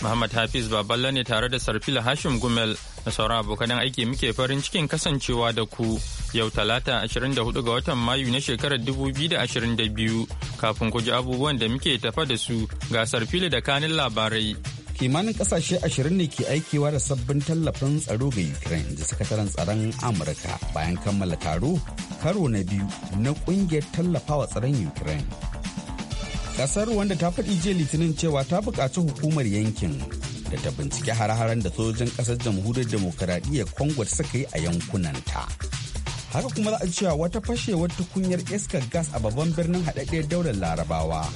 Muhammad Hafiz Baballe ne tare da Sarfila Hashim Gumel na sauran abokan aiki muke farin cikin kasancewa da ku yau talata 24 ga watan Mayu na shekarar 2022 kafin ku ji abubuwan da muke tafa da su ga Sarfila da kanin labarai. Kimanin kasashe 20 ne ke aikewa da sabbin tallafin tsaro ga Ukraine da sakataren tsaron Amurka bayan kammala taro karo na biyu na kungiyar tallafawa tsaron Ukraine. Kasar wanda ta faɗi jiya litinin cewa ta buƙaci hukumar yankin da ta bincike har-haren da sojojin ƙasar jamhuriyar demokuraɗiyyar Congo suka yi a yankunan ta. Haka kuma za a cewa wata fashewar tukunyar iskar gas a babban birnin haɗaɗɗiyar daular larabawa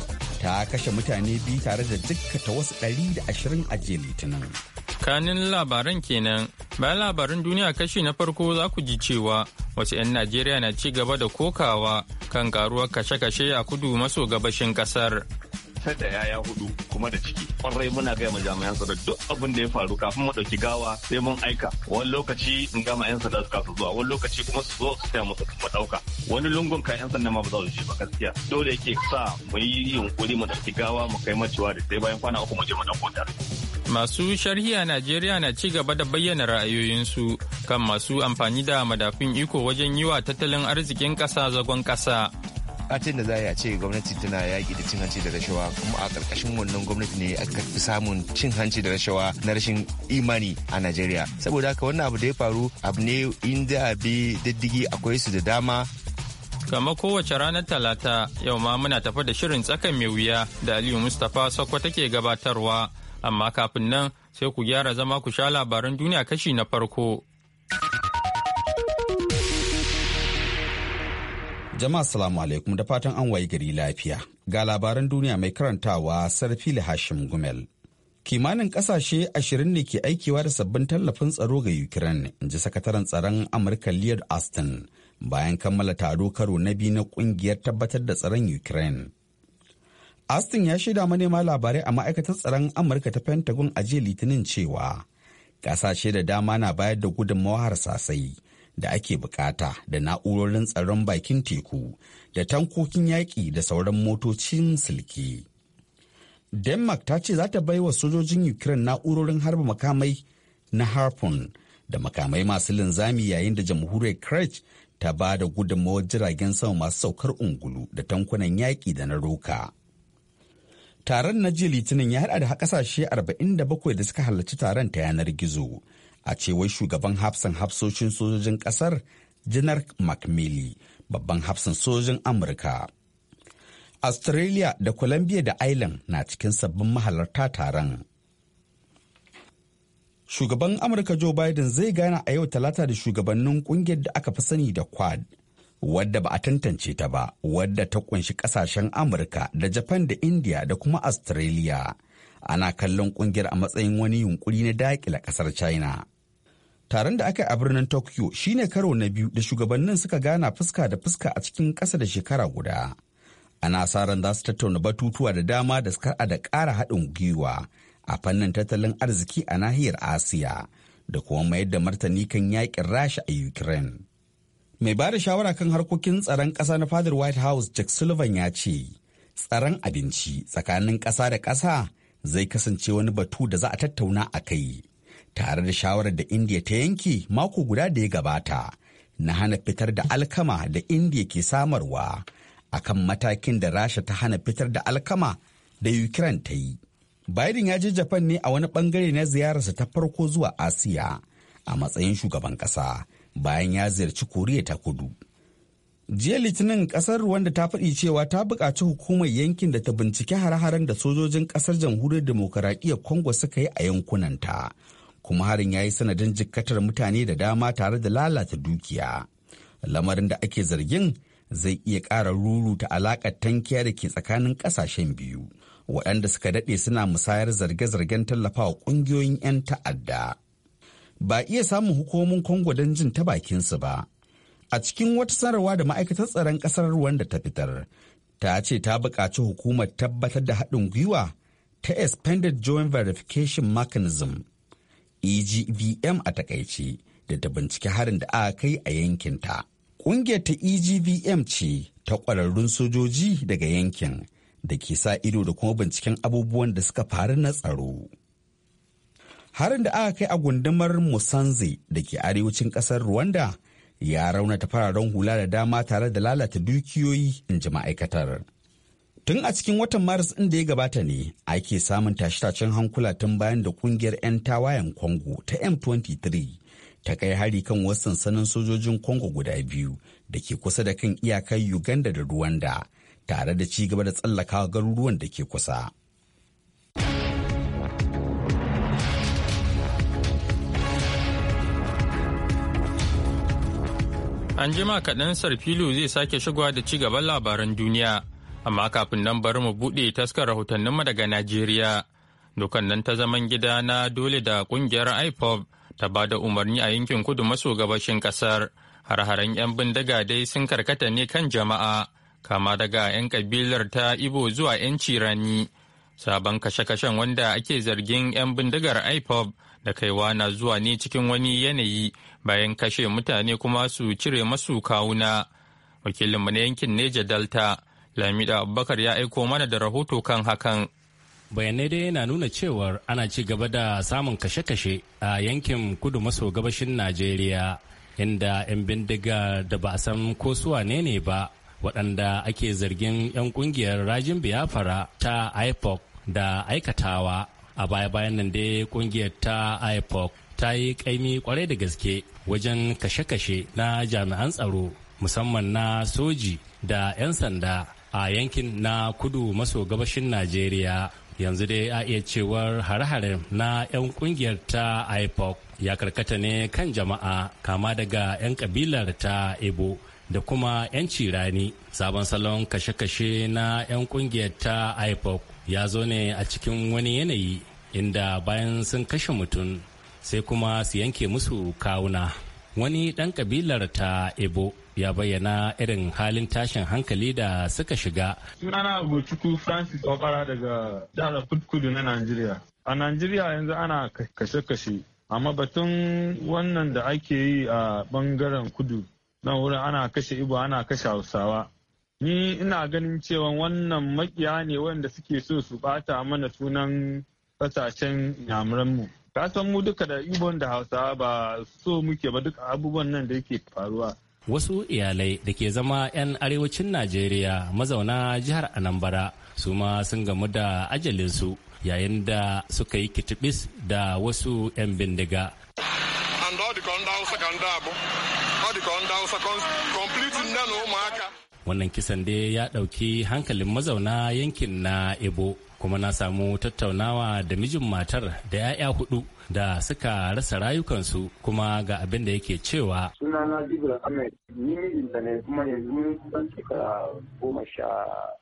ta kashe mutane biyu tare da jikkata wasu ɗari 120 a jiya litinin. kanin labaran kenan bayan labaran duniya kashi na farko za ku ji cewa wasu 'yan najeriya na ci gaba da kokawa kan karuwar kashe-kashe a kudu maso gabashin kasar fitar da yaya hudu kuma da ciki kwarai muna gaya ma jami'an tsaro duk abin da ya faru kafin mu dauki gawa sai mun aika wani lokaci in gama 'yansada sanda suka su zuwa wani lokaci kuma su zo su taya musu kuma dauka wani lungun kan yan sanda ma ba za su ba gaskiya dole yake sa mu yi yunkuri mu dauki gawa mu kai macewa da sai bayan kwana uku mu je mu dauko ta Masu sharhi a Najeriya na ci gaba da bayyana ra'ayoyinsu kan masu amfani da madafin iko wajen yiwa tattalin arzikin kasa zagon ƙasa. fatan da za a ce gwamnati tana yaƙi da cin hanci da rashawa kuma a ƙarƙashin wannan gwamnati ne aka fi samun cin hanci da rashawa na rashin imani a najeriya saboda haka wannan abu da ya faru abu ne inda bi diddigi akwai su da dama kama kowace ranar talata yau ma muna tafa da shirin tsakan mai wuya da aliyu mustapha sokwa take gabatarwa amma kafin nan sai ku gyara zama ku sha labaran duniya kashi na farko Jama'a salamu alaikum da fatan an wayi gari lafiya. Ga labaran duniya mai karantawa Sarfili Hashim Gumel. Kimanin kasashe ashirin ne ke aikewa da sabbin tallafin tsaro ga Ukraine, in ji sakataren tsaron Amurka liyar Aston bayan kammala taro karo na biyu na kungiyar tabbatar da tsaron Ukraine. Aston ya shaida manema labarai a ma'aikatar tsaron Amurka ta Pentagon a jiya Litinin cewa kasashe da dama na bayar da gudunmawa harsasai sasai da ake bukata da na'urorin tsaron bakin teku da tankokin yaƙi da sauran motocin silke. denmark ta ce za ta bai wa sojojin ukraine na'urorin harba makamai na harpoon da makamai masu linzami yayin da jamhuriyar kretch ta ba da gudunmawar jiragen sama masu saukar ungulu da tankunan yaƙi da na roka taron na jiya litinin ya haɗa da ƙasashe 47 da suka halarci taron ta yanar gizo a cewar shugaban hafsan hafsoshin sojojin kasar janar mcmillan babban hafsan sojojin amurka australia da colombia da ireland na cikin sabbin mahalarta taron shugaban amurka joe biden zai gana a yau talata da shugabannin kungiyar da aka fi sani da quad wadda ba a tantance ta ba wadda ta kunshi kasashen amurka da japan da india da kuma australia ana kallon kungiyar a matsayin wani yunkuri na dakila kasar china taron da aka yi a birnin tokyo shine karo na biyu da shugabannin suka gana fuska da fuska a cikin ƙasa da shekara guda ana sa ran za su tattauna batutuwa da dama da suka da ƙara haɗin gwiwa a fannin tattalin arziki a nahiyar asiya da kuma mayar da martani kan yakin rasha a ukraine mai ba da shawara kan harkokin tsaron ƙasa na fadar white house jack sullivan ya ce tsaron abinci tsakanin ƙasa da ƙasa zai kasance wani batu da za a tattauna a kai tare da shawarar da indiya ta yanke mako guda da ya gabata na hana fitar da alkama da indiya ke samarwa akan matakin da rasha ta hana fitar da alkama da ukraine ta yi biden ya je japan ne a wani bangare na ziyararsa ta farko zuwa asiya a matsayin shugaban kasa bayan ya ziyarci koriya ta kudu jiya litinin kasar wanda ta faɗi cewa ta buƙaci hukumar yankin da ta bincike har haren da sojojin kasar jamhuriyar demokaradiyyar congo suka yi a yankunanta kuma harin ya yi sanadin jikkatar mutane da dama tare da lalata dukiya lamarin da ake zargin zai iya ƙara ruruta alaƙar tankiya da ke tsakanin ƙasashen biyu waɗanda suka daɗe suna musayar zarge-zargen tallafawa ƙungiyoyin 'yan ta'adda ba iya samun hukumomin kongo don jin ta bakinsu ba a cikin wata sanarwa da ma'aikatar tsaron ƙasar da ta fitar ta ce ta buƙaci hukumar tabbatar da haɗin gwiwa ta expanded joint verification mechanism EGVM a takaice da ta bincike harin da aka kai a yankin ta ƙungiyar ta EGVM ce ta ƙwararrun sojoji daga yankin da ke sa ido da kuma binciken abubuwan da suka faru na tsaro harin da aka kai a gundumar musanze da ke arewacin ƙasar rwanda ya rauna raunata fararen hula da dama tare da lalata dukiyoyi in ji ma'aikatar Tun a cikin watan Maris ɗin da ya gabata ne ake samun tashe-tashen hankula tun bayan da ƙungiyar 'yan tawayen Congo ta M23 ta kai hari kan wasu sansanin sojojin Congo guda biyu da ke kusa da kan iyakar Uganda da Rwanda tare da ci gaba da tsallakawa garuruwan da ke kusa. An jima kaɗan Sarfilu zai sake shigowa da ci gaban labaran duniya. Amma kafin nan bari mu buɗe taskar mu daga Najeriya. Dukan nan ta zaman gida na dole da ƙungiyar ipop ta ba da umarni a yankin kudu maso gabashin ƙasar. Har-haren 'yan bindiga dai sun karkata ne kan jama'a, kama daga 'yan kabilar ta Ibo zuwa 'yan cirani. Sabon kashe-kashen wanda ake zargin 'yan bindigar ipop da kaiwa na zuwa ne cikin wani yanayi bayan kashe mutane kuma su cire masu kawuna. Wakilinmu na yankin Neja Delta, Lamida Abubakar ya aiko mana da rahoto kan hakan. Bayanai dai yana nuna cewar ana ci gaba da samun kashe-kashe a yankin kudu maso gabashin Najeriya inda 'yan bindiga da ba a san ko suwa ne ne ba waɗanda ake zargin 'yan ƙungiyar rajin biyafara ta IPOC da aikatawa a baya-bayan nan dai ƙungiyar ta IPOC ta yi ƙaimi kwarai da gaske wajen kashe-kashe na jami'an tsaro musamman na soji da 'yan sanda a yankin na kudu maso gabashin najeriya yanzu dai a iya cewar hare-hare na 'yan kungiyar ta ipoc ya karkata ne kan jama'a kama daga 'yan kabilar ta ibo da kuma 'yan cirani sabon salon kashe-kashe na 'yan kungiyar ta ipoc ya zo ne a cikin wani yanayi inda bayan sun kashe mutum sai kuma su yanke musu kawuna wani ɗan kabilar ta ebo ya bayyana irin halin tashin hankali da suka shiga. Sunana Abuchukwu Francis Okara daga jihar Kudu na Najeriya. A Najeriya yanzu ana kashe-kashe, amma batun wannan da ake yi a bangaren kudu nan wurin ana kashe Ibo ana kashe Hausawa. Ni ina ganin cewa wannan makiya ne wanda suke so su bata mana sunan kasashen yamuranmu. ka san mu duka da ibon da hausa ba so muke ba duka abubuwan nan da yake faruwa wasu iyalai da ke zama 'yan arewacin najeriya mazauna jihar anambra su ma sun gamu da ajalinsu yayin da suka yi kitibis da wasu 'yan bindiga wannan kisan dai ya ɗauki hankalin mazauna yankin na ebo kuma na samu tattaunawa da mijin matar da 'ya'ya hudu da suka rasa rayukansu kuma ga abin da yake cewa sunana jibra ahmed ni mijinta ne kuma yanzu ban cika goma sha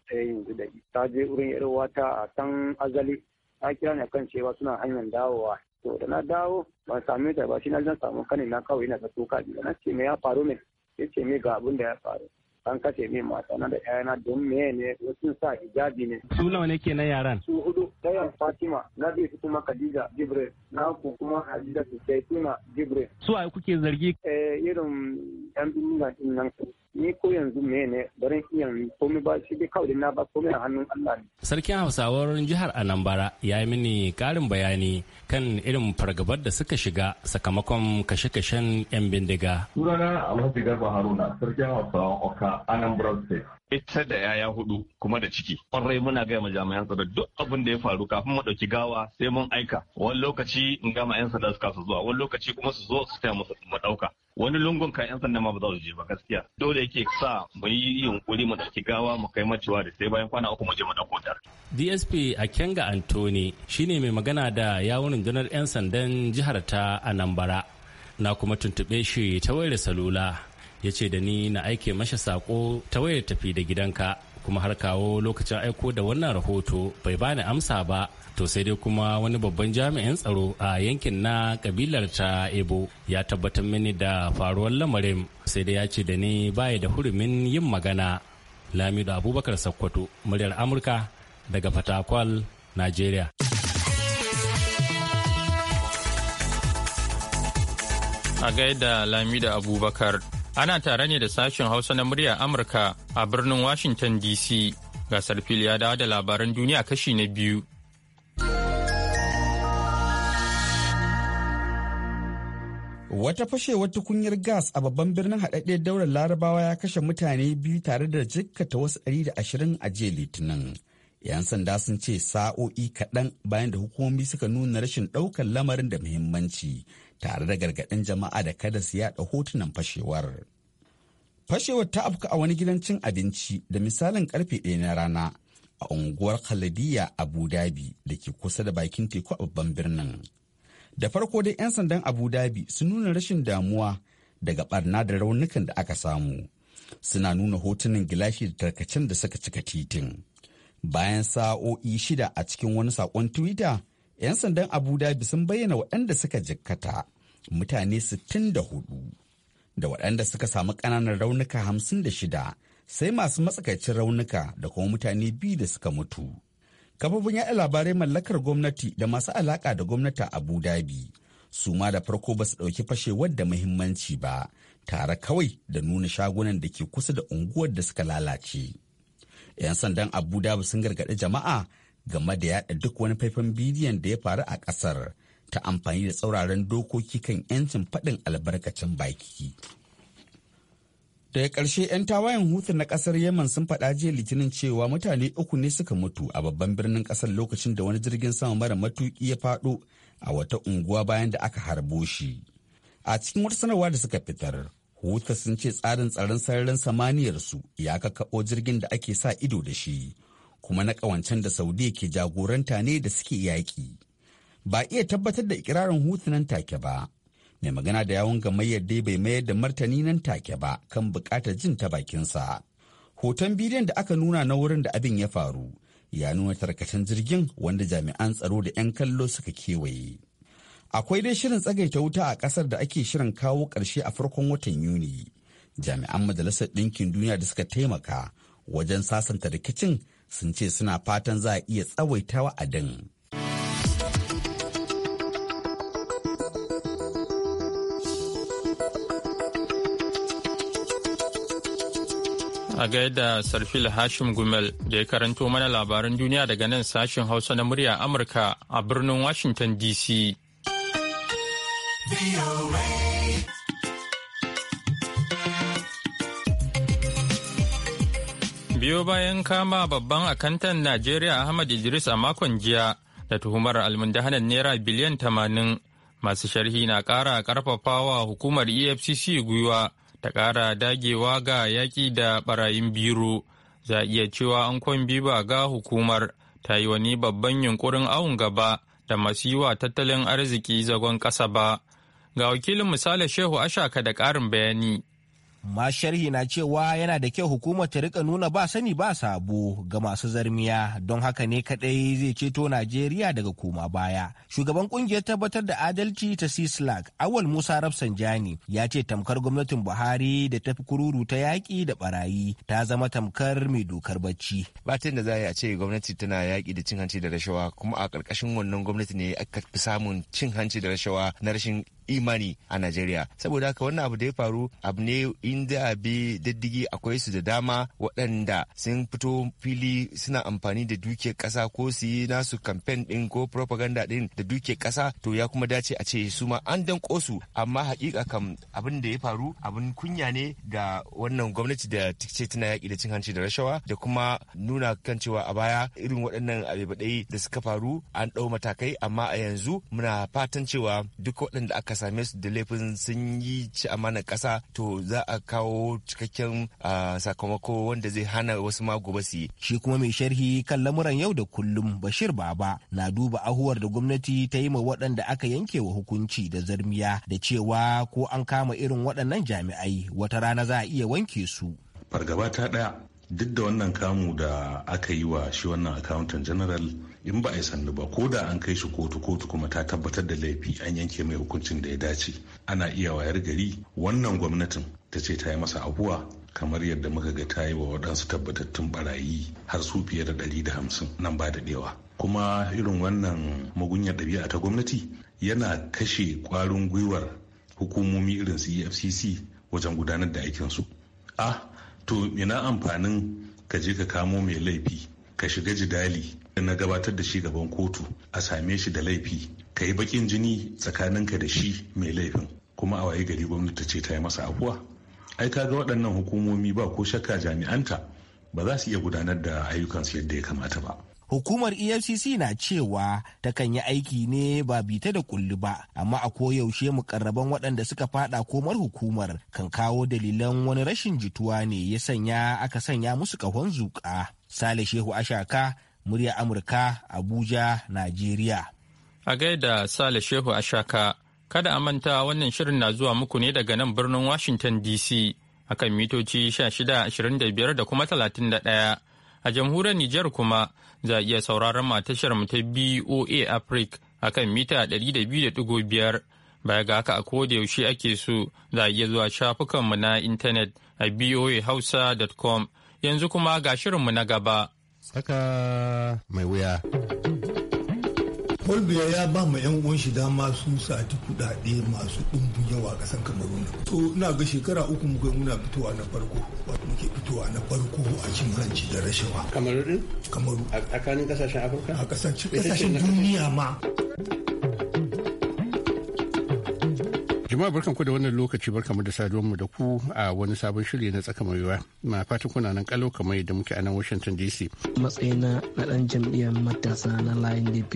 ɗaya yanzu da ta je wurin yar a san azali na kira ne kan cewa suna hanyar dawowa to da na dawo ba same ta ba shi na zan samu kanin na kawai na ta tuka da na ce me ya faru ne ya ce me ga abin da ya faru an kashe min mata na da ƴaƴana don me ne wasu sa hijabi ne su nawa ne ke na yaran su hudu ɗayan Fatima na biyu kuma Khadija jibre na uku kuma Khadija Saituna jibre. su a kuke zargi eh irin yan bindiga din nan ni ko yanzu mene ne barin iya komai ba shi dai kawai na ba komai a hannun Allah ne. Sarkin Hausawar jihar Anambara ya yi mini karin bayani kan irin fargabar da suka shiga sakamakon kashe-kashen 'yan bindiga. Sunana Alhaji Garba Haruna, Sarkin Hausawar Oka, Anambra State. ita da yaya hudu kuma da ciki kwarai muna gaya ma jami'an tsaro duk abin da ya faru kafin mu dauki gawa sai mun aika wani lokaci in gama yan sanda suka su zuwa wani lokaci kuma su zo su taya mu dauka wani lungun kan 'yan sanda ma ba za su je ba gaskiya dole yake sa mu yi yunkuri mu dauki gawa mu kai macewa da sai bayan kwana uku mu je mu dauko ta DSP Akenga Antoni shine mai magana da yawun rundunar 'yan sandan jihar ta Anambra na kuma tuntube shi ta wayar salula yace da ni na aike masa sako ta wayar tafi da gidanka kuma har kawo lokacin aiko da wannan rahoto bai bani amsa ba to sai dai kuma wani babban jami'in tsaro a yankin na kabilar ta ebo ya tabbatar mini da faruwar lamarin sai dai ya ce da ni baya da hurumin yin magana lamido abubakar sakkwato muryar amurka daga fatakwal nigeria a gaida lamido abubakar ana tare ne da sashen hausa na muryar amurka a birnin washington dc gasar fili ya dawo da labaran duniya kashi na biyu Wata fashewar tukunyar gas a babban birnin haɗaɗɗe daular larabawa ya kashe mutane biyu tare da jikkata wasu 120 a jiya litinin. 'Yan sanda sun ce sa'o'i kaɗan bayan da hukumomi suka nuna rashin ɗaukar lamarin da muhimmanci tare da gargaɗin jama'a da kada su yaɗa hotunan fashewar. Fashewar ta afka a wani gidan cin abinci da misalin karfe ɗaya na rana a unguwar Khalidiyya Abu Dhabi da ke kusa da bakin teku a babban birnin. da farko dai 'yan sandan abu dhabi sun nuna rashin damuwa daga barna da raunukan da aka samu suna nuna hotunan gilashi da tarkacen da suka cika titin bayan sa'o'i shida a cikin wani sakon twitter 'yan sandan abu dhabi sun bayyana waɗanda suka jikkata mutane 64 da waɗanda suka samu ƙananan raunuka 56 sai masu matsakaicin raunuka da kuma mutane biyu da suka mutu kafofin yaɗa labarai mallakar gwamnati da masu alaƙa da gwamnati a abu dhabi su ma da farko ba su ɗauki fashewar da muhimmanci ba tare kawai da nuna shagunan da ke kusa da unguwar da suka lalace 'yan sandan abu dhabi sun gargaɗi jama'a game da yaɗa duk wani faifan bidiyon da ya faru a ƙasar ta amfani da tsauraran dokoki kan 'yancin faɗin albarkacin baki daga ƙarshe 'yan tawayen hutu na ƙasar yemen sun faɗa jiya litinin cewa mutane uku ne suka mutu a babban birnin ƙasar lokacin da wani jirgin sama mara matuƙi ya faɗo a wata unguwa bayan da aka harbo shi a cikin wata sanarwa da suka fitar hutu sun ce tsarin tsaron sararin samaniyarsu ya kakkaɓo jirgin da ake sa ido da shi kuma na ƙawancen da saudi ke jagoranta ne da suke yaƙi ba iya tabbatar da ikirarin hutu nan take ba mai magana da yawon gamayyar dai bai mayar da martani nan take ba kan bukatar jin ta bakinsa hoton bidiyon da aka nuna na wurin da abin ya faru ya nuna tarkacen jirgin wanda jami'an tsaro da 'yan kallo suka kewaye akwai dai shirin tsagaita wuta a kasar da ake shirin kawo ƙarshe a farkon watan yuni jami'an majalisar ɗinkin duniya da suka taimaka wajen sasanta rikicin sun ce suna fatan za a iya tsawaitawa a wa'adin A gaida Sarfil Hashim Gumel da ya karanto mana labaran duniya daga nan sashen Hausa na murya Amurka a birnin Washington DC. Biyo bayan kama babban akantan Najeriya Ahmad Idris a makon jiya da tuhumar almundahanan Naira biliyan tamanin masu sharhi na ƙara ƙarfafawa hukumar EFCC gwiwa. ta ƙara dagewa ga yaƙi da ɓarayin biro za a iya cewa an kwambi ba ga hukumar ta yi wani babban yunkurin awon gaba da masu yi wa tattalin arziki zagon ƙasa ba ga wakilin misali shehu ashaka da ƙarin bayani ma sharhi na cewa yana da kyau hukumar ta rika nuna ba sani ba sabo ga masu zarmiya don haka ne kadai zai ceto najeriya daga koma baya shugaban kungiyar tabbatar da adalci ta cislac awal musa rafsanjani ya ce tamkar gwamnatin buhari da ta fi kururu ta yaƙi da barayi ta zama tamkar mai dokar bacci batin da za a ce gwamnati tana yaƙi da cin hanci da rashawa kuma a ƙarƙashin wannan gwamnati ne aka fi samun cin hanci da rashawa na rashin imani a Najeriya. Saboda haka wannan abu da ya faru abu ne inda bi diddigi akwai su da dama waɗanda sun fito fili suna amfani da dukiyar ƙasa ko su yi nasu kamfen ɗin ko propaganda ɗin da dukiyar ƙasa to ya kuma dace a ce su ma an danko su amma hakika kam abin da ya faru abin kunya ne ga wannan gwamnati da ce tana yaƙi da cin hanci da rashawa da kuma nuna kan cewa a baya irin waɗannan abebaɗai da suka faru an ɗau matakai amma a yanzu muna fatan cewa duk waɗanda aka same su da laifin sun yi ci amana ƙasa to za a kawo cikakken sakamako wanda zai hana wasu ma gobe su Shi kuma mai sharhi kan lamuran yau da kullum Bashir Baba na duba ahuwar da gwamnati ta yi ma waɗanda aka yanke wa hukunci da zarmiya da cewa ko an kama irin waɗannan jami'ai wata rana za a iya wanke su. Fargaba ta ɗaya duk da wannan kamu da aka yi wa shi wannan accountant general in ba a yi sannu ba ko da an kai shi kotu kotu kuma ta tabbatar da laifi an yanke mai hukuncin da ya dace ana iya wayar gari wannan gwamnatin ta ce ta yi masa abuwa kamar yadda muka ga ta yi wa waɗansu tabbatattun barayi har su fiye da ɗari da hamsin nan ba da ɗewa kuma irin wannan magunyar ɗabi'a ta gwamnati yana kashe ƙwarin gwiwar hukumomi irin su efcc wajen gudanar da aikinsu a ah, to ina amfanin ka je ka kamo mai laifi ka shiga jidali na gabatar da shi gaban kotu a same shi da laifi ka yi bakin jini tsakaninka da shi mai laifin kuma a waye gari gwamnati ce ta yi masa afuwa ai ga waɗannan hukumomi ba ko shakka jami'anta ba za su iya gudanar da ayyukansu yadda ya kamata ba hukumar efcc na cewa takan yi aiki ne ba bita da kulli ba amma a koyaushe mukarraban waɗanda suka fada komar hukumar kan kawo dalilan wani rashin jituwa ne ya sanya aka sanya musu ƙahon zuƙa Sale Shehu Ashaka, murya Amurka, Abuja, Najeriya. A gaida Sale Shehu Ashaka, kada a manta wannan shirin na zuwa muku ne daga nan birnin Washington DC akan mitoci 1625 da kuma 31. A jamhuriyar Nijar kuma za a iya sauraron matashar mu ta BOA Africa akan mita 200.5 baya ga haka a koda yaushe ake so za a iya zuwa shafukanmu na intanet a boahausa.com yanzu kuma ga shirinmu na gaba. Saka mai wuya. Folbiya ya ba ma 'yan uwan shi dama su sati kudade masu ɗumbun yawa kasan Kamerun. To ina ga shekara uku muka muna fitowa na farko. Wato muke fitowa na farko a cin hanci da rashawa. Kamerun? Kamerun. A tsakanin ƙasashen Afirka? A ƙasashen duniya ma. jama'a barkan ku da wannan lokaci barkan mu da saduwar mu da ku a wani sabon shiri na tsaka mai yiwa na fatan kuna nan kalo kamar yadda muke a nan washington dc matsayin na dan jam'iyyar matasa na layin dp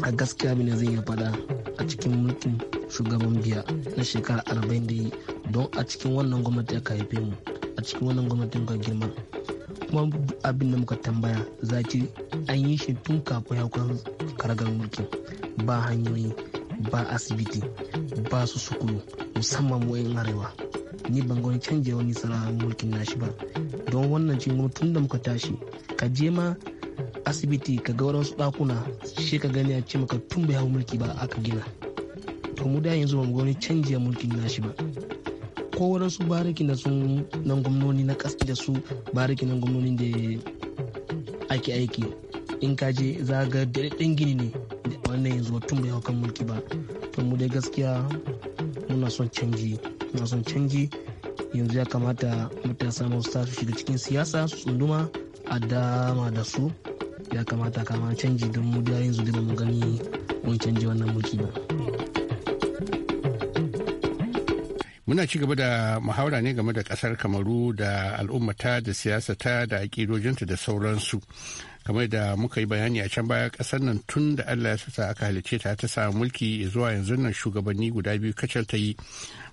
a gaskiya ne zai ya fada a cikin mulkin shugaban biya na shekara arba'in da yi don a cikin wannan gwamnati aka haife mu a cikin wannan gwamnatin ka girma kuma abin da muka tambaya zaki an yi shi tun kafin ya karagar mulki ba hanyoyi ba asibiti ba su sukulu musamman mu 'yan arewa ni ban gani canje wani sana'ar mulkin nashi ba don wannan cin tun da muka tashi ka je ma asibiti ka ga wadansu ɗakuna shi ka gani a ce maka tun bai hau mulki ba aka gina to mu da yanzu ba mu ga wani canji a mulkin nashi ba ko wadansu bariki na sun nan gwamnoni na ƙasa da su bariki nan gwamnoni da ake aiki in ka je za ga daɗaɗɗen gini ne wannan yanzu ba tun bai hau kan mulki ba to mu dai gaskiya muna son canji muna son canji yanzu ya kamata samu wasu tasu shiga cikin siyasa su tsunduma a dama da su ya kamata kama canji don mu da yanzu da mu gani mun canji wannan mulki ba muna ci gaba da muhawara ne game da kasar kamaru da al'ummata da siyasata da aƙidojinta da sauransu kamar da muka yi bayani a can baya kasar nan tun da allah ya sa aka halice ta ta samu mulki zuwa yanzu nan shugabanni guda biyu kacal ta yi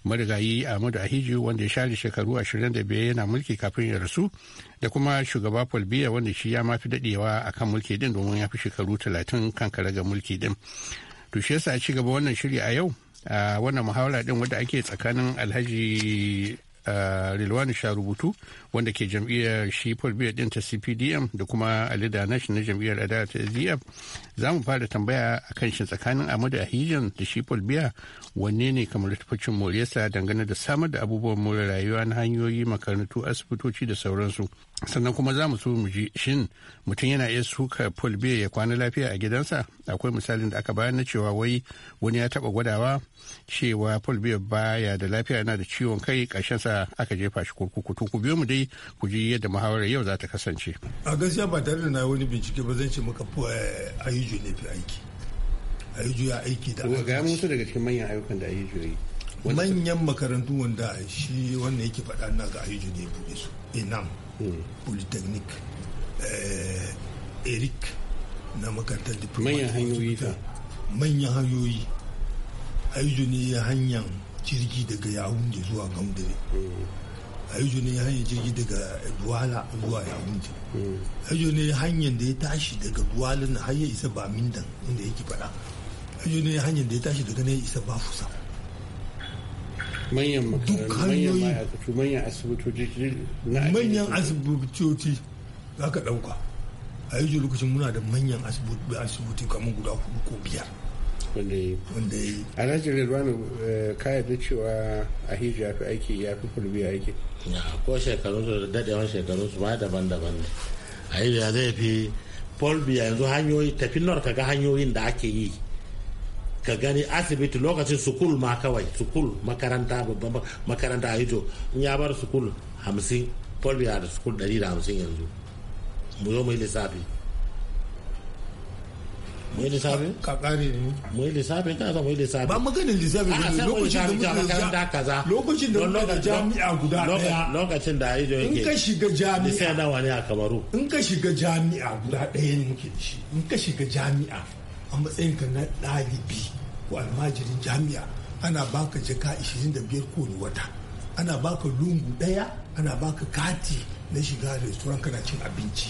marigayi ahmadu ahiju wanda ya share shekaru 25 yana mulki kafin ya rasu da kuma shugaba paul biya wanda shi ya mafi dadewa a kan mulki din domin ya fi shekaru 30 kan karaga mulki din to shi yasa a ci gaba wannan shiri a yau a wannan muhawara din wanda ake tsakanin alhaji Eh, rilwani sharubutu wanda ke jam'iyyar shi biya din ta cpdm da kuma ali danash na jam'iyyar adawa ta za mu fara tambaya a kan shi tsakanin amadu ahijan da shi biya wanne ne kamar tafacin moriyarsa dangane da samar da abubuwan more rayuwa na hanyoyi makarantu asibitoci da sauransu sannan kuma za mu so mu ji shin mutum yana iya suka paul biya ya kwana lafiya a gidansa akwai misalin da aka bayar na cewa wai wani ya taba gwadawa cewa paul biya baya da lafiya yana da ciwon kai sa aka jefa shi kurkuku to ku biyo mu dai ku ji yadda muhawarar yau za ta kasance a gaskiya ba tare da na wani bincike ba zan ce maka yi. Eh, juyo ne fi aiki yi ya aiki da aiki ga musu daga cikin manyan ayyukan da a yi manyan makarantu wanda shi wanda yake faɗa na ga ahijo ne buɗe su inam hmm. polytechnic eh, eric na makarantar diploma manyan hanyoyi ta manyan hanyoyi ahijo ne hanyar jirgi daga yawun da zuwa gaudare hmm. haijo ne hanyar jirgi daga duwala zuwa yawunji haijo ne hanyar da ya tashi daga duwala na har ya isa ba mindan inda yake faɗa haijo ne hanyar da ya tashi daga ne ya isa ba fusa manyan makarantu manyan asibitoci manyan asibitoci za ka ɗauka a yi lokacin muna da manyan asibitoci kamar guda hudu ko biyar wanda ya yi alhaji rilwani eh, ka yarda cewa ahiju ya fi aiki ya fi fulbi aiki ko shekaru su da daɗewan shekaru su ma daban-daban ne ahiju ya zai fi fulbi yanzu hanyoyi tafi nor ka ga hanyoyin da ake yi ka gani asibiti lokacin sukul ma kawai sukul makaranta babban makaranta ahiju in ya bar sukul hamsin fulbi ya da sukul ɗari da hamsin yanzu mu zo mu yi lissafi mai lissafi ka kare ne mai lissafi ta sa mai lissafi ba magana lissafi ne lokacin da muke makaranta kaza lokacin da muke jami'a guda daya lokacin da ido yake in ka shiga jami'a sai nawa ne a kamaru in ka shiga jami'a guda daya ne muke da shi in ka shiga jami'a a matsayin ka na dalibi ko almajirin jami'a ana baka jaka 25 kowane wata ana baka lungu daya ana baka kati na shiga restoran kana cin abinci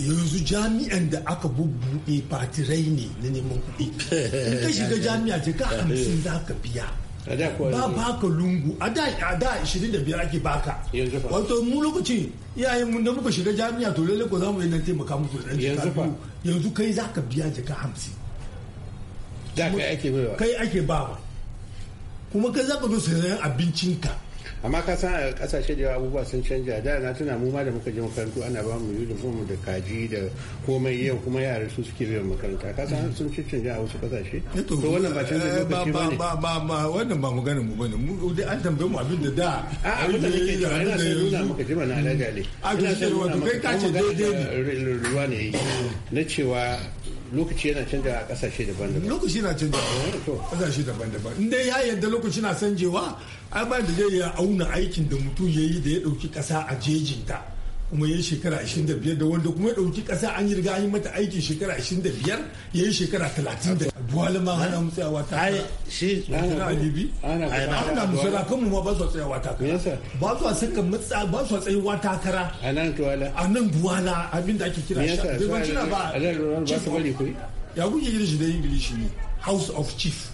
yanzu jami'an da aka bubbuɗe fatirai ne na neman kuɗi in ka shiga jami'a ce ka hamsin za ka biya ba baka lungu a da a da 25 ake baka wato mu lokaci iyayen mu da muka shiga jami'a to lalle ko mu yi nan taimaka muku da ba yanzu kai za ka biya jika hamsin. da kai ake baiwa kai ake bawa kuma kai za ka zo sayan abincinka amma ka san a kasashe da abubuwa sun canja da na tuna mu ma da muka je makarantu ana ba mu uniform da kaji da komai yau kuma yara su suke biyan makaranta ka san sun canja a wasu kasashe eh to wannan ba eh, canja lokaci ba ba ba ba ba wannan ba gane mu bane mu dai an tambaye mu abin da da a abin da nake da ina son nuna maka jima na alaja ne a to shi wato kai ka ce daidai ne ruwa ne na cewa lokaci yana canja a kasashe daban-daban lokaci yana canja a kasashe eh, daban-daban inda ya yadda lokaci na sanjewa ai ba da zai ya auna aikin da mutum ya yi da ya dauki kasa a jejinta kuma ya yi shekara 25 da wanda kuma ya ɗauki ƙasa an yi riga an yi mata aiki shekara 25 ya yi shekara 30 da duwala ma hana mu tsayawa ta kai shi ana alibi ana musara kan mu ma ba su tsayawa ta kai ba su saka matsa ba su tsayawa ta kara a nan duwala a nan duwala abin da ake kira shi bai ba a nan ba su bari kuri ya kuke gidi shi da ingilishi ne house of chief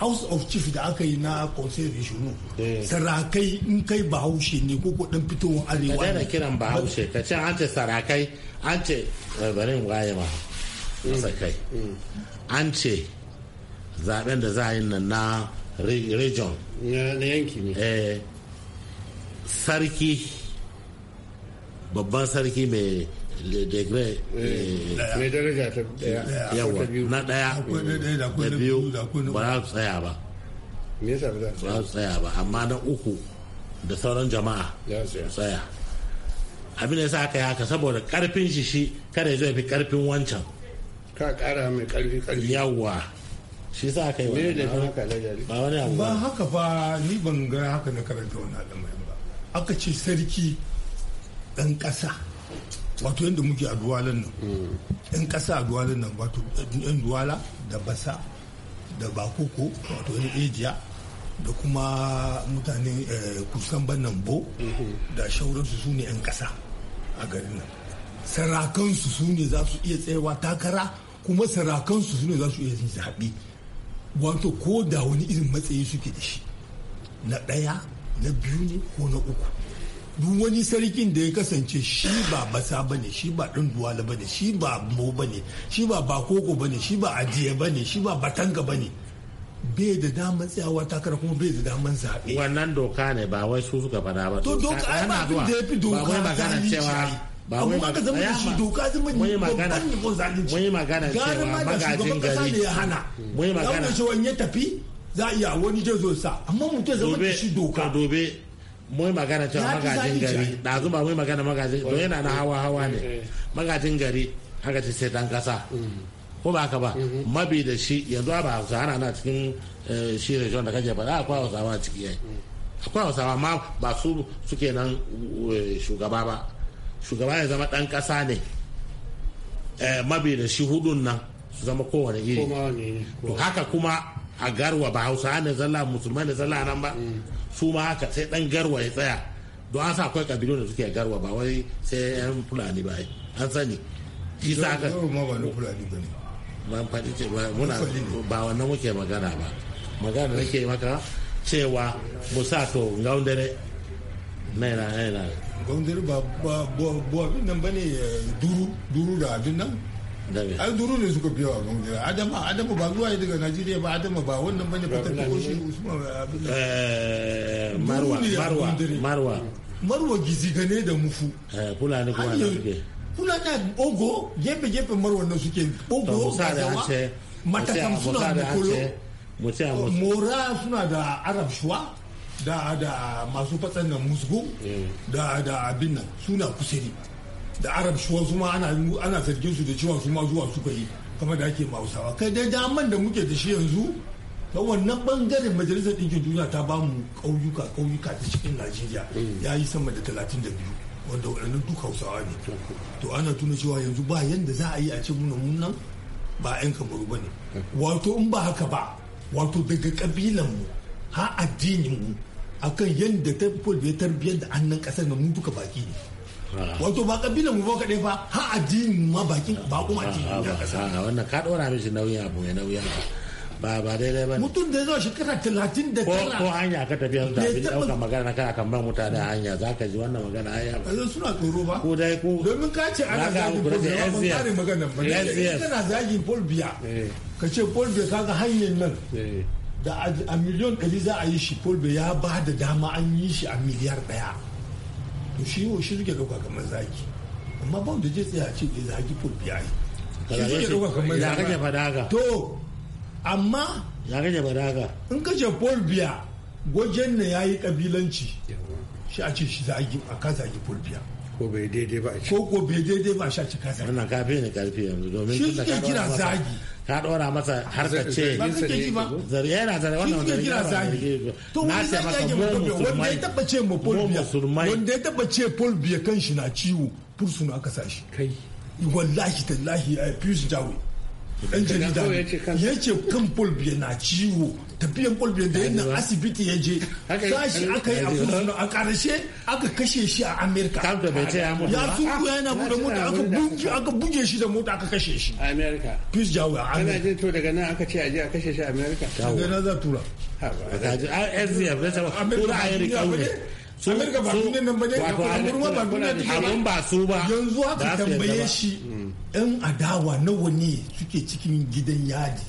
house of chief da aka yi na conseil regional eh. sarakai in kai bahaushe ne ko ko dan fitowar arewa ne daina kiran bahaushe ka ce an ce sarakai an ce eh, barin waye ma sarakai mm. Mm. an ce zaben da za a yi nan na region na yanki ne eh, sarki babban sarki mai degree mai daraja ta yawa na daya da biyu ba za su tsaya ba ba su tsaya ba amma na uku da sauran jama'a tsaya abin da sa aka yi haka saboda karfin shi shi kada zai fi karfin wancan ka kara mai karfi karfi yawa shi sa aka yi wani ba wani abu ba haka fa ni ban ga haka na karanta wani al'amari ba aka ce sarki dan kasa wato yadda muke a duwalan nan in hmm. kasa a duwalan nan wato yan duwala da basa da bakoko wato yan ejiya da kuma mutane eh, kusan bannan bo hmm. da shauransu su ne yan kasa a garin nan sarakansu su ne za su iya tsayawa takara kuma sarakansu su ne za su iya zaɓe wato ko da wani irin matsayi suke da shi na ɗaya na biyu ne ko na uku duk wani sarkin da ya kasance shi ba basa bane shi ba ɗan duwala bane shi ba mo bane shi ba bakoko bane shi ba ajiye bane shi ba batanga bane bai da daman tsayawa takara kuma bai da daman zaɓe. wannan doka ne ba wai su suka faɗa ba to doka ai ba abin da ya fi doka zalunci ba wai aka zama da shi doka zama ne babban ne ko zalunci mun yi magana cewa magajin gari ne ya hana mun yi magana cewa ya tafi za a iya wani zai zo sa amma mutum zama da shi doka dobe mai magana cewa magajin gari ɗazu ba mai magana magajin to yana na hawa hawa ne eh, eh. magajin gari haka ce sai dan kasa ko ba haka ba mm-hmm. mabi da shi yanzu ba hausa ana na cikin eh, shi region da kake faɗa akwai hausawa ciki yayi mm. akwai hausawa ma ba su suke nan shugaba ba shugaba ya zama dan kasa ne mabi da shi hudun nan su zama kowane iri haka kuma a garwa ba hausa ne zalla musulmai ne zalla nan ba mm. su ma haka sai dan garwa ya tsaya don an sa akwai kabilu da suke garwa ba wai sai yan fulani ba an sani isa haka ban faɗi ce muna ba wannan muke magana ba magana nake maka cewa musa to gaundare yana yana gaundare ba ba ba nan bane eh, duru duru da abin nan ai duru ne suka fi yawa gungun adama adama ba zuwa daga najeriya ba adama ba wannan bane fitar da koshi usman eh, abin eh, marwa marwa marwa marwa gane da mufu eh, fulani kuma na suke fulani ogo gefe gefe marwa na suke ogo gazawa matakam suna da kolo mora suna da arab shuwa da da masu fatsan da musgo da da abin nan suna kusuri da arab shi wasu ma ana zargin su da cewa su ma zuwa suka yi kamar da ake mausawa kai dai daman da muke da shi yanzu ta wannan bangaren majalisar ɗinkin duniya ta ba mu ƙauyuka ƙauyuka ta cikin najeriya mm. ya yi sama da talatin da biyu wanda waɗannan duk hausawa ne mm. to ana tuna cewa yanzu ba yanda za a yi a ce muna nan ba 'yan kamaru ba ne mm. wato in ba haka ba wato daga ƙabilan mu har addinin mu akan yadda ta ya tarbiyyar da annan ƙasar na mu duka baki ne Ah. wato ba kabilan mu ba kadai fa ha addini ma bakin ba kuma ah, addinin ah, ya kasa wannan ka ɗora mishi nauyi abu ya nauyi ba ba ba daidai ba mutum da zuwa shekara talatin da tara ko hanya ka tafi tafiya su tafi ɗaukar magana na kana kan bar mutane hanya zaka ji wannan magana ai ba zai suna tsoro ba ko dai ko domin ka ce ana zagin paul biya ban kare magana ba da kana zagi paul biya ka ce paul biya kaga hanyar nan eh. da a miliyon ɗari za a yi shi paul biya ya ba da dama an yi shi a miliyar daya to shi shi suke ɗauka kamar zaki amma ba da je tsaya a ce da zaki ful biya shi suke dauka kamar zaki ya kake fadaga to amma ya kake fadaga in ka ce ful biya gwajen ne yayi kabilanci shi a ce shi zaki a ka zaki ful biya ko bai daidai ba ko ko bai daidai ba shi a ce ka zaki wannan bai ni karfi yanzu domin shi suke kira zagi ka dora masa harka ce yana zare wannan wanda ya kira to na ce maka mu wanda ya taba ce mu pol Biya wanda ya taba ce pol Biya kan na ciwo fursuna aka sa shi kai wallahi tallahi a Pius Jawe dan jarida ya ce kan pol Biya na ciwo tafiyan kwalbe da yadda asibiti ya je sashi aka yi a karshe aka kashe shi a amerika ya sunku yana bude mota aka buge shi da mota aka kashe shi a amerika peace jawo a amerika kana jin to daga nan aka ce a je a kashe shi a amerika daga nan za tura a amerika ba duniya nan ba ne abun ba su ba yanzu haka tambaye shi hmm. 'yan adawa na wani suke cikin gidan yadi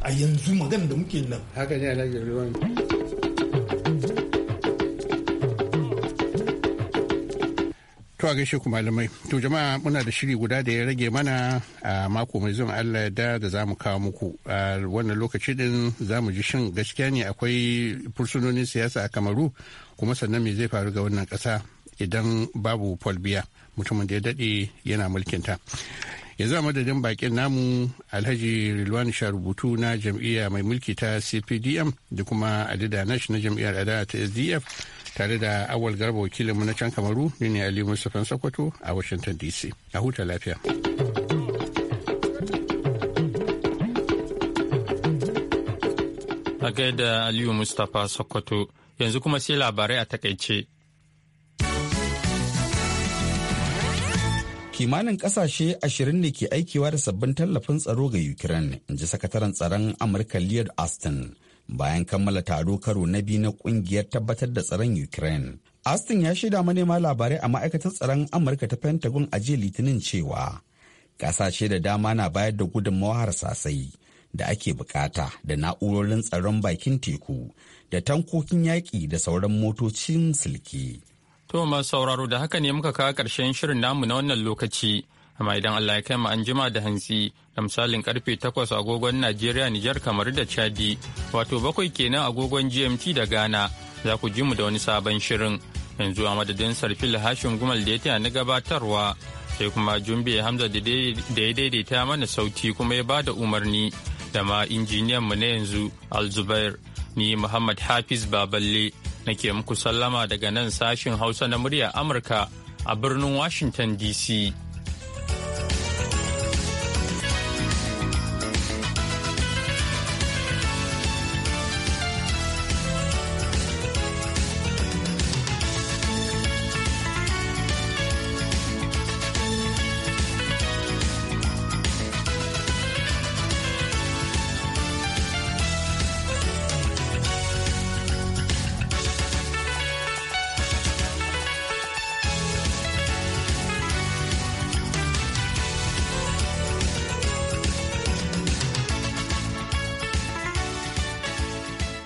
a yanzu nan magana da muke nan haka ne alhaji ruwan To a gaishe ku malamai. To jama'a muna da shiri guda da ya rage mana a mako mai zuwan Allah da da za mu kawo muku. A wannan lokaci din za mu ji shin gaskiya ne akwai fursunonin siyasa a Kamaru kuma sannan me zai faru ga wannan kasa idan babu Paul mutumin da ya daɗe yana mulkinta yanzu a madadin bakin namu alhaji rilwan rubutu na jam'iyya mai mulki ta cpdm da kuma adida nash na jam'iyyar adawa ta sdf tare da awal garba wakilinmu na can kamaru ni ne ali mustapha sokoto a washington dc a huta lafiya a gaida aliyu mustapha sokoto yanzu kuma sai labarai a takaice kimanin kasashe 20 ne ke aikewa da sabbin tallafin tsaro ga ukraine in ji sakataren tsaron amurka liyar austin bayan kammala taro karo na biyu na kungiyar tabbatar da tsaron ukraine austin ya shaida manema labarai a ma'aikatar tsaron amurka ta pentagon a jiya litinin cewa kasashe da dama na bayar da gudunmawa harsasai da ake bukata da na'urorin tsaron bakin teku da tankokin yaƙi da sauran motocin silki. To masu sauraro da haka ne muka kawo ƙarshen shirin namu na wannan lokaci. Amma idan Allah ya kai mu an jima da hantsi da misalin karfe 8 agogon Najeriya Nijar kamar da Chadi wato bakwai kenan agogon GMT da Ghana za ku ji mu da wani sabon shirin. Yanzu a madadin Sarfil Hashim Gumal da ya na gabatarwa sai kuma Jumbe Hamza da ya daidaita mana sauti kuma ya bada umarni da ma injiniyan mu na yanzu Alzubair ni Muhammad Hafiz Baballe. nake muku sallama daga nan sashin Hausa na murya Amurka a birnin Washington DC.